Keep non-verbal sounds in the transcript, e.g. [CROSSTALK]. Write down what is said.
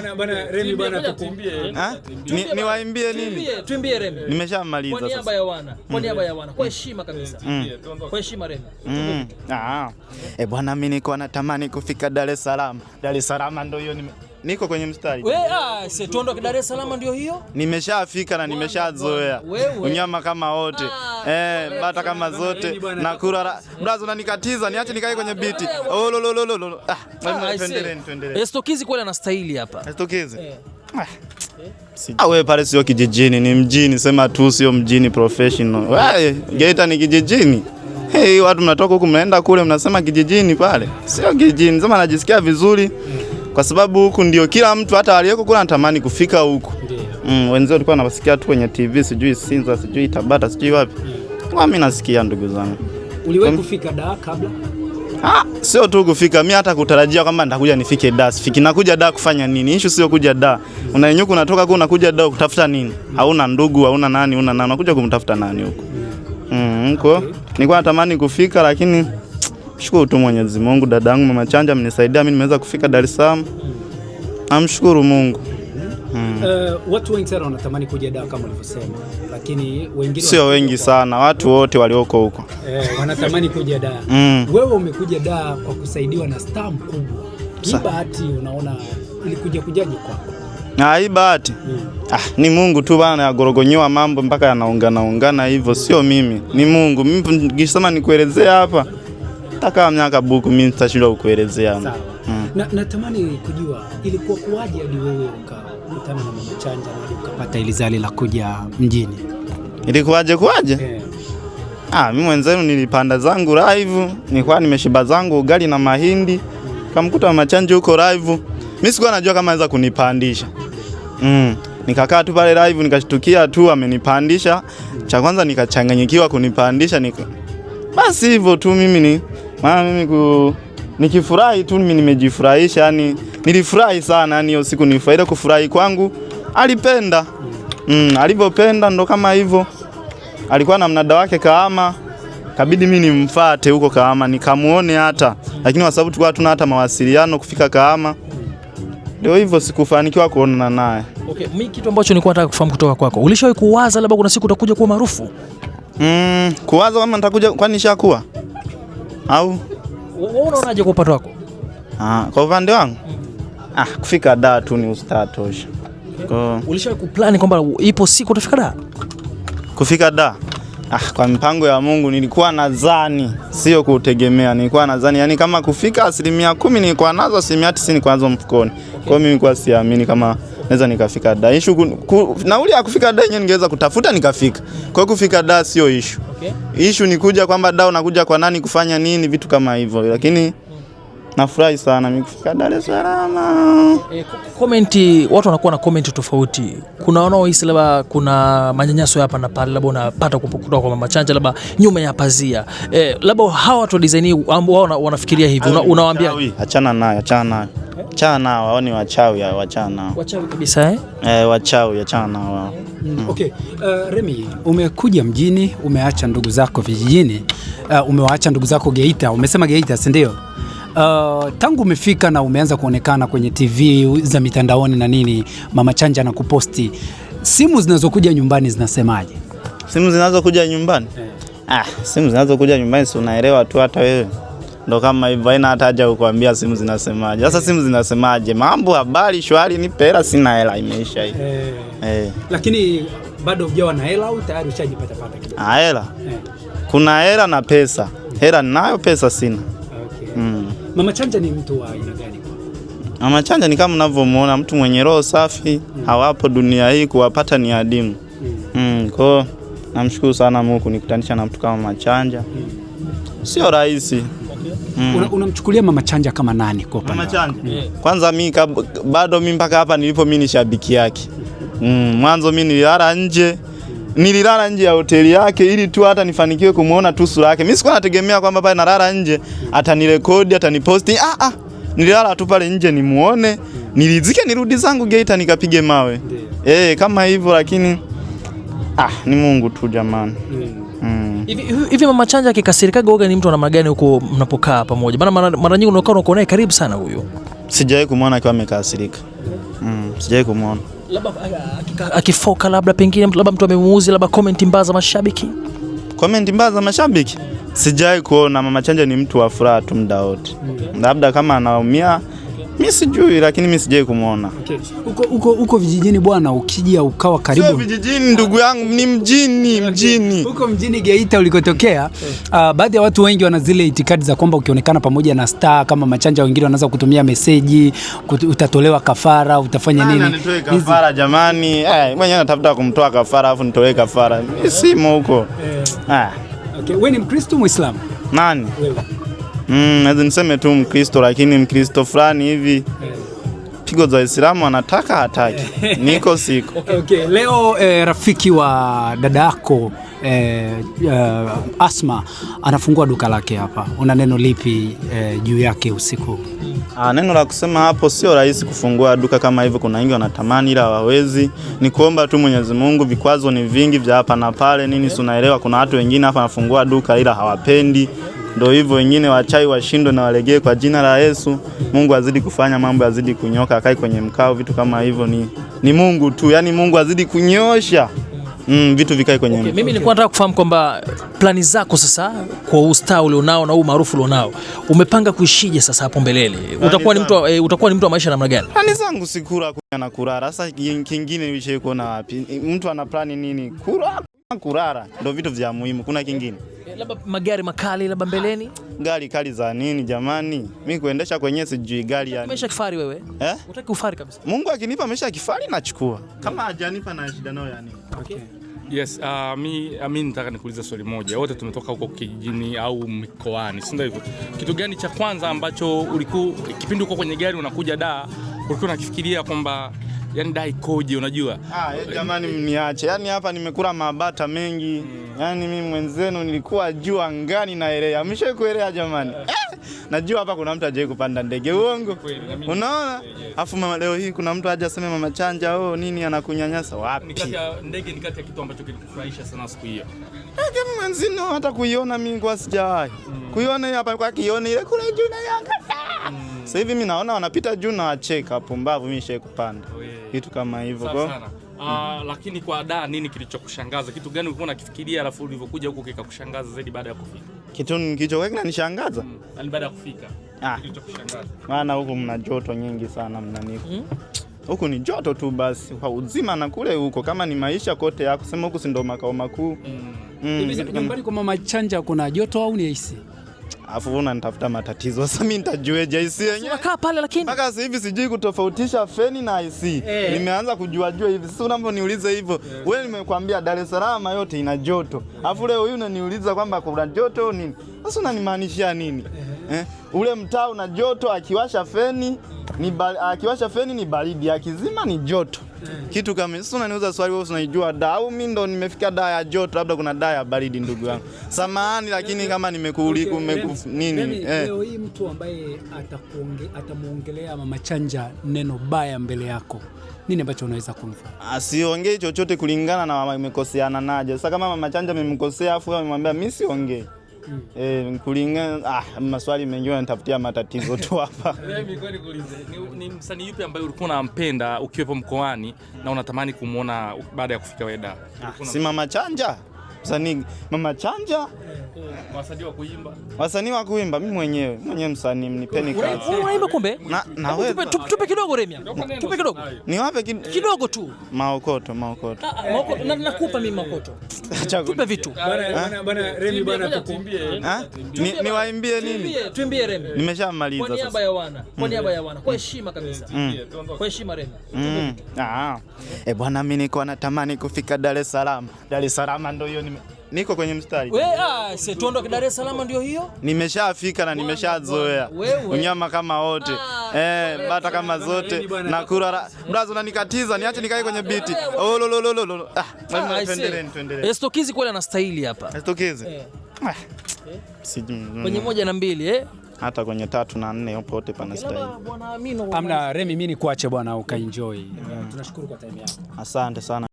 Remi Niwaimbie nini? Tuimbie Remi. Nimeshamaliza sasa. Kwa niaba ya wana, kwa niaba ya wana. Kwa heshima kabisa. Mm. Kwa heshima Remi. Mm. Ah. Eh, bwana mimi niko natamani kufika Dar es Salaam. Dar es Salaam ndio hiyo nime niko kwenye mstari. Wewe ah, si tuondoke Dar es Salaam ndio hiyo? Nimeshafika na nimeshazoea. Unyama kama wote. Ah eh, bata kama zote na kura. Mbrazo unanikatiza, niache nikae kwenye biti. Oh, lo, lo, lo. Ah, ah tuendelee, tuendelee. Estokizi kweli anastahili hapa. Estokizi. Eh. Ah. Eh? ah, wewe pale sio kijijini, ni mjini, sema tu sio mjini professional. Wewe Geita ni kijijini. Hey, watu mnatoka huku mnaenda kule mnasema kijijini pale. Sio kijijini, sema najisikia vizuri mm. kwa sababu huku ndio kila mtu hata aliyeko kule anatamani kufika huku mm, wenzio walikuwa nawasikia tu kwenye TV, sijui Sinza, sijui Tabata, sijui wapi, mm. mimi nasikia ndugu zangu. Uliwahi mm. kufika da kabla? Ah, sio tu kufika, mi hata kutarajia kwamba nitakuja nifike da, sifiki. Nakuja da kufanya nini? Ishu sio kuja da, unainyuka unatoka ku unakuja da kutafuta nini? Mm. Hauna ndugu, hauna nani, una nani, unakuja kumtafuta nani huko? Mm, huko okay. Nilikuwa natamani kufika lakini mshukuru tu Mwenyezi Mungu, dadangu Mama Chanja amenisaidia mimi nimeweza kufika Dar es Salaam. Namshukuru Mungu. Mm. Uh, watu wengi sana wanatamani kuja Dar kama ulivyosema, lakini wengine sio wengi sana, watu wote walioko huko eh, wanatamani kuja Dar mm. Wewe umekuja Dar kwa kusaidiwa na star mkubwa, hii bahati unaona, ilikuja kujaje kwako? Na hii bahati mm. Ah, ni Mungu tu bana, yagorogonyoa mambo mpaka yanaungana ungana hivyo, sio mimi, ni Mungu. Mimi nikisema nikuelezea hapa taka miaka buku, mimi nitashindwa kukuelezea mm. Na natamani kujua ilikuwa kuwaje hadi wewe ukawa kukutana na mama Chanja na ukapata ile zali la kuja mjini. Ilikuwaje kuwaje? Yeah. Ah, mimi mwenzenu nilipanda zangu live, nilikuwa nimeshiba zangu ugali na mahindi. Kamkuta mama Chanja huko live. Mimi sikuwa najua kama anaweza kunipandisha. Mm. Nikakaa tu pale live nikashtukia tu amenipandisha. Cha kwanza nikachanganyikiwa kunipandisha ni Basi hivyo tu mimi ni maana mimi ku nikifurahi tu mimi nimejifurahisha yani nilifurahi sana, yani hiyo siku nilifurahia, kufurahi kwangu alipenda mm, alivyopenda ndo kama hivyo. Alikuwa na mnada wake Kahama, kabidi mimi nimfuate huko Kahama nikamuone hata, lakini kwa sababu tulikuwa hatuna hata mawasiliano kufika Kahama, ndio hivyo sikufanikiwa kuonana naye. Okay, mimi kitu ambacho nilikuwa nataka kufahamu kutoka kwako, ulishawahi kuwaza labda kuna siku utakuja kuwa maarufu? Mm, kuwaza kama nitakuja, kwani nishakuwa au wewe unaonaje kwa upande wako? Ah, kwa upande wangu mm. Ah, kufika da tu ni ustaa tosha. Kwa... ulisha kuplani kwamba ipo siku utafika da? Kufika da? Ah, kwa mpango ya Mungu nilikuwa nadhani, sio kutegemea, nilikuwa nadhani yani kama kufika asilimia kumi nilikuwa nazo, asilimia tisini nilikuwa nazo mfukoni. Kwa hiyo mimi nilikuwa siamini kama naweza nikafika da. Issue ku, nauli ya kufika da yenyewe ningeweza kutafuta nikafika. Kwa hiyo kufika da sio issue. Okay. Issue ni kuja kwamba da unakuja kwa nani, kufanya nini, vitu kama hivyo. Lakini Nafurahi sana mimi kufika Dar es Salaam. E, eh, comment watu wanakuwa na comment tofauti. Kuna wanaohisi labda kuna manyanyaso hapa na pale, labda unapata kutoka kwa mama Chanja, labda nyuma ya pazia e, labda hawa watu design ambao wanafikiria hivi, unawaambia achana naye, achana naye, eh? achana nao, wao ni wachawi, wachana wachawi kabisa eh? E, wachawi achana nao wao. Mm. mm. Okay. Uh, Remy, umekuja mjini, umeacha ndugu zako vijijini, uh, umewaacha ndugu zako Geita, umesema Geita, si ndio? Uh, tangu umefika na umeanza kuonekana kwenye TV za mitandaoni na nini, Mama Chanja na kuposti, simu zinazokuja nyumbani zinasemaje? Simu zinazokuja nyumbani yeah. Ah, simu zinazokuja nyumbani si unaelewa tu, hata wewe ndo kama hivyo, haina hata haja kukuambia simu zinasemaje. Sasa eh. simu zinasemaje? Mambo, habari, shwari, nipe hela, sina hela, imeisha hii hey. Eh. Eh. hey. Lakini bado hujawa na hela au tayari ushajipata pata kidogo? Ah, hela hey. Kuna hela na pesa, hmm. hela ninayo, pesa sina okay. mm. Mama Chanja ni mtu wa aina gani? Mama Chanja ni kama mnavyomuona mtu mwenye roho safi mm. hawapo dunia hii kuwapata ni adimu mm. mm, hiyo namshukuru sana Mungu kunikutanisha na mtu kama Mama Chanja mm. sio rahisi Mm. Unamchukulia Mama Chanja kama nani kwa Mama Chanja? Mm. Kwanza mi bado mi mpaka hapa nilipo mi ni shabiki yake mm. Mwanzo mi nililala nje nililala nje ya hoteli yake ili tu hata nifanikiwe kumuona tu sura yake. Mimi sikuwa nategemea kwamba pale nalala nje atanirekodi, ataniposti. Ah ah, nililala tu pale nje nimuone, nilizike nirudi zangu Geita nikapige mawe. Eh, kama hivyo lakini ah, ni Mungu tu jamani. Mm. Hivi Mama Chanja akikasirika goga ni mtu ana magani huko mnapokaa pamoja? Maana mara nyingi unakaa unakuwa naye karibu sana huyo. Sijawahi kumwona akiwa amekasirika. Mm, sijawahi kumwona labda ah, ah, akifoka, labda pengine, labda mtu amemuuzi, labda comment mbaya za mashabiki. Comment mbaya za mashabiki sijai kuona. Mama Chanja ni mtu wa furaha tu muda wote, mm. labda kama anaumia Mi sijui lakini mi sijai kumwona uko uko Huko vijijini bwana, ukija ukawa karibu. Sio vijijini ndugu yangu, ni mjini mjini. Huko mjini Geita ulikotokea, uh, baadhi ya watu wengi wana zile itikadi za kwamba ukionekana pamoja na star kama Machanja, wengine wanaanza kutumia meseji, utatolewa kafara, utafanya nini? Nitoe kafara jamani, eh, mwenyewe natafuta kumtoa kafara afu nitoe kafara, simo huko. Eh. Ah. Wewe ni Mkristo Muislamu? Nani? Wewe. Mm, niseme tu Mkristo, lakini Mkristo fulani hivi pigo za Waislamu anataka hataki, [LAUGHS] niko siko. Okay, okay. Leo eh, rafiki wa dada yako eh, eh, Asma anafungua duka lake hapa, una neno lipi eh, juu yake usiku? Ah, neno la kusema hapo, sio rahisi kufungua duka kama hivyo, kuna wengi wanatamani ila hawawezi. Ni kuomba tu Mwenyezi Mungu, vikwazo ni vingi vya hapa na pale nini, si unaelewa. Kuna watu wengine hapa wanafungua duka ila hawapendi ndio hivyo wengine wachai washindwe na walegee kwa jina la Yesu. Mungu azidi kufanya mambo, azidi kunyoka, akae kwenye mkao. Vitu kama hivyo ni, ni Mungu tu, yaani Mungu azidi kunyosha Mm, vitu vikae kwenye okay. Mimi nilikuwa nataka kufahamu kwamba plani zako sasa kwa ustaa ulionao na huu maarufu ulionao umepanga kuishije sasa hapo mbeleni? Utakuwa ni mtu e, utakuwa ni mtu wa maisha namna gani? Plani zangu si kula na kurara. Sasa kingine niche wapi mtu ana plani nini? Kula kurara ndio vitu vya muhimu, kuna kingine labda magari makali labda mbeleni. Gari kali za nini jamani? mi kuendesha kwenyewe sijui gari yani. Umesha kifari wewe? Eh? Unataka ufari kabisa. Mungu akinipa amesha kifari nachukua. Kama hajanipa na shida nayo yani. Okay. Yes, uh, mi, uh, mi nataka nikuuliza swali moja. Wote tumetoka huko kijijini au mikoani, si ndio hivyo? Kitu gani cha kwanza ambacho ulikuwa kipindi uko kwenye gari unakuja da ulikuwa unakifikiria kwamba yani dai koje, unajua ah, eh, jamani, mniache yani hapa nimekula mabata mengi mm. yani mimi mwenzenu nilikuwa juu angani naelea, mshakuelea jamani yeah. Eh, najua hapa kuna mtu ajaye kupanda ndege, uongo unaona, afu mama leo hii kuna mtu aje aseme mama chanja oh, nini anakunyanyasa wapi? Ni Ndege ni kati ya kitu ambacho kilikufurahisha sana siku hiyo eh, mwenzino, hata kuiona mimi kwa sijawahi mm. kuiona hapa kwa kiona ile kule juu na Yanga. Mm. Sasa hivi mimi naona wanapita juu na wacheka, pumbavu. Mimi shaye shaikupanda oh, vitu kama hivyo kwa Uh, lakini kwa da nini kilichokushangaza? Kitu gani ulikuwa unakifikiria alafu ulivyokuja huko kikakushangaza zaidi baada ya kufika? Kitu kilichokuwa kinanishangaza mm, yani baada ya kufika ah, kilichokushangaza maana huko mna joto nyingi sana mnaniko mm? Mm-hmm. Huku ni joto tu basi kwa uzima na kule huko kama ni maisha kote yako sema huku si ndo makao makuu. Mm. Mm. kwa mama Chanja kuna joto au ni AC? Afu unanitafuta matatizo [LAUGHS] sasa, mimi nitajueje IC yenyewe? Unakaa pale lakini mpaka sasa hivi sijui kutofautisha feni na IC hey. Eh. Nimeanza kujuajua hivi sasa unavyoniuliza hivyo yeah. Wewe nimekwambia Dar es Salaam yote ina joto yeah. Afu leo huyu unaniuliza kwamba kuna joto nini? Sasa unanimaanisha nini? Eh. eh? Ule mtaa una joto, akiwasha feni ni akiwasha feni ni baridi, akizima ni joto kitu kama sasa. Unaniuza swali wewe, unaijua da au mimi ndo nimefika da ya joto, labda kuna da ya baridi, ndugu yangu, samahani, lakini kama nimekuulika nini eh. Leo hii mtu ambaye atamuongelea Mama Chanja neno baya mbele yako nini ambacho unaweza kumfa? asiongee ah, chochote kulingana na wamekoseana naje? Sasa kama Mama Chanja amemkosea afu amemwambia mimi siongee E, kulingana ah, maswali mengi nitafutia matatizo tu hapa [LAUGHS] ni, ni msanii yupi ambaye ulikuwa unampenda ukiwepo mkoani na unatamani kumwona baada ya kufika Weda? Ah, si Mama Chanja msanii Mama Chanja, wasanii wa kuimba, wasanii wa kuimba. Mimi mwenyewe mwenyewe msanii, mnipeni kazi. Unaimba kumbe? Na wewe tupe kidogo, Remia, tupe kidogo, niwape kidogo tu, maokoto ah, ah, maokoto, Na nakupa mimi maokoto, tupe vitu bwana bwana. Remi bwana, niwaimbie nini? Tuimbie Remi. Nimeshamaliza sasa, kwa niaba ya wana, kwa mm. niaba ya wana, kwa heshima kabisa, mm. kwa heshima Remi. Mm. Ah, eh bwana, mimi niko natamani kufika Dar es Salaam. Dar es Salaam ndio hiyo Niko kwenye mstari. Wewe ah, si tuondoke Dar es Salaam ndio hiyo? Nimeshafika na nimeshazoea. Unyama kama wote. Ah, eh, bata kama zote na kura. Brazo unanikatiza, niache nikae kwenye biti. Oh lo lo lo lo. Ah, ah tuendelee tuendelee. Estokizi kweli anastahili hapa. Estokizi. Eh. Ah, kwenye mm. moja na mbili eh? Hata kwenye tatu na nne wote pana stahili. Amna Remi, mimi ni kuache bwana, ukaenjoy. Mm. Tunashukuru kwa time yako. Asante sana.